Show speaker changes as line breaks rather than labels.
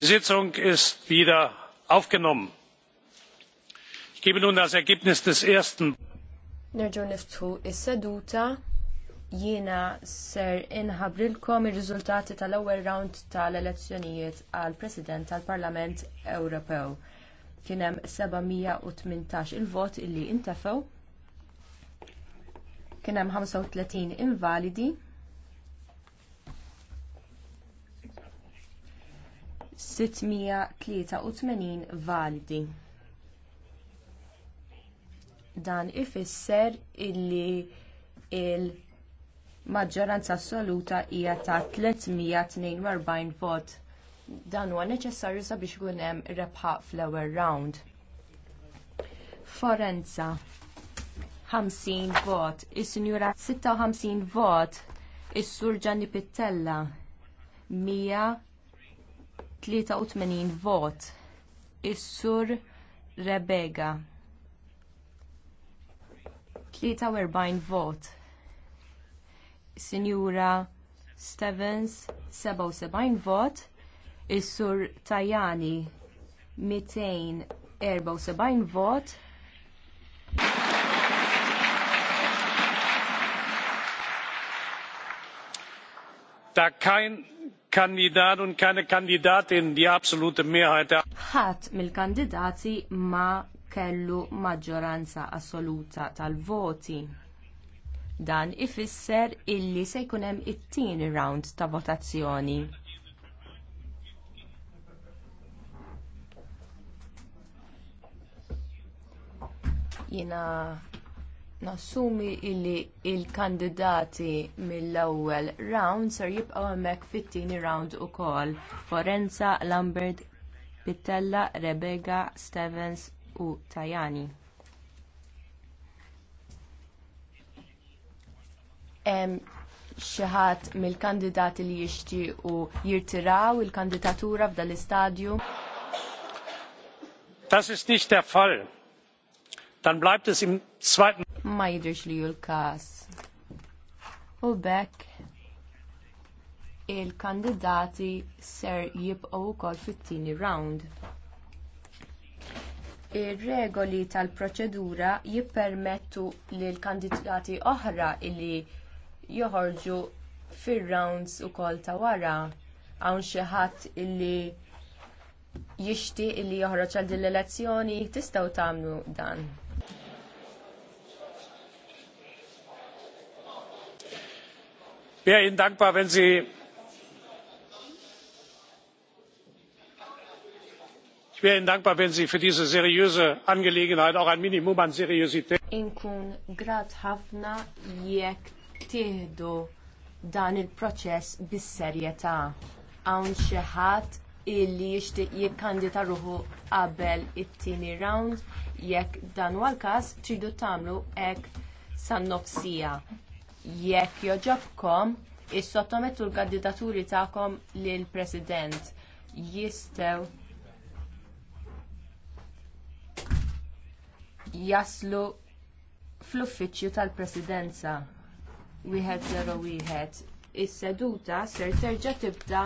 sitzung ist wieder aufgenommen. ich gebe nun das ergebnis des ersten.
nerġgħu niftħu is-seduta jiena ser inħabbrilkom ir-riżultati tal-ewwel round tal-elezzjonijiet għall president tal-Parlament Ewropew. Kien hemm 718 il-vot illi intefew. Kien hemm 35 invalidi. 683 validi. Dan ifisser illi l maġġoranza assoluta hija ta' 342 vot. Dan huwa neċessarju sabiex ikun hemm rebħa fl-ewwel round. Forenza 50 vot, is-Sinjura 56 vot, is-Sur Gianni Pittella 100 83 vot. Is-sur Rebega 43 vot. Sinjura Stevens 77 vot. Is-sur Tajani 274 vot.
Da kein kandidat und kandidat in di absolute mehrheit
ħadd mill-kandidati ma kellu maġġoranza assoluta tal-voti. Dan ifisser illi se jkun hemm it-tieni round ta' votazzjoni. Jina nassumi li l kandidati mill-ewwel round ser jibqgħu hemmhekk fit-tieni round ukoll. Forenza, Lambert, Pittella, Rebega, Stevens u Tajani. Hemm xi ħadd mill-kandidati li jixtiequ jirtiraw il-kandidatura f'dan l-istadju?
Das ist nicht der Fall. Dann
bleibt es im zweiten ma jidhirx li hu l-każ. U bekk il-kandidati ser jibqgħu wkoll fit-tieni round. Ir-regoli tal-proċedura jippermettu l kandidati oħra li joħorġu fir-rounds ukoll ta' wara hawn xi ħadd illi jixtieq illi joħroġ għal din l-elezzjoni tistgħu tagħmlu dan.
wäre ihnen dankbar wenn sie ich wäre ihnen dankbar wenn sie für diese seriöse angelegenheit auch ein minimum an
seriosität inkun grat ħafna jekk tieħdu dan il-proċess bis-serjetà hawn xi ħadd illi jixtieq jikkandida ruħu qabel it-tieni round jekk dan huwa l-każ tridu tagħmlu hekk san-nofsija jekk joġobkom is-sottomettu l-kandidaturi tagħkom lill president jistgħu jaslu fl-uffiċċju tal-Presidenza wieħed wieħed. Is-seduta ser terġa' tibda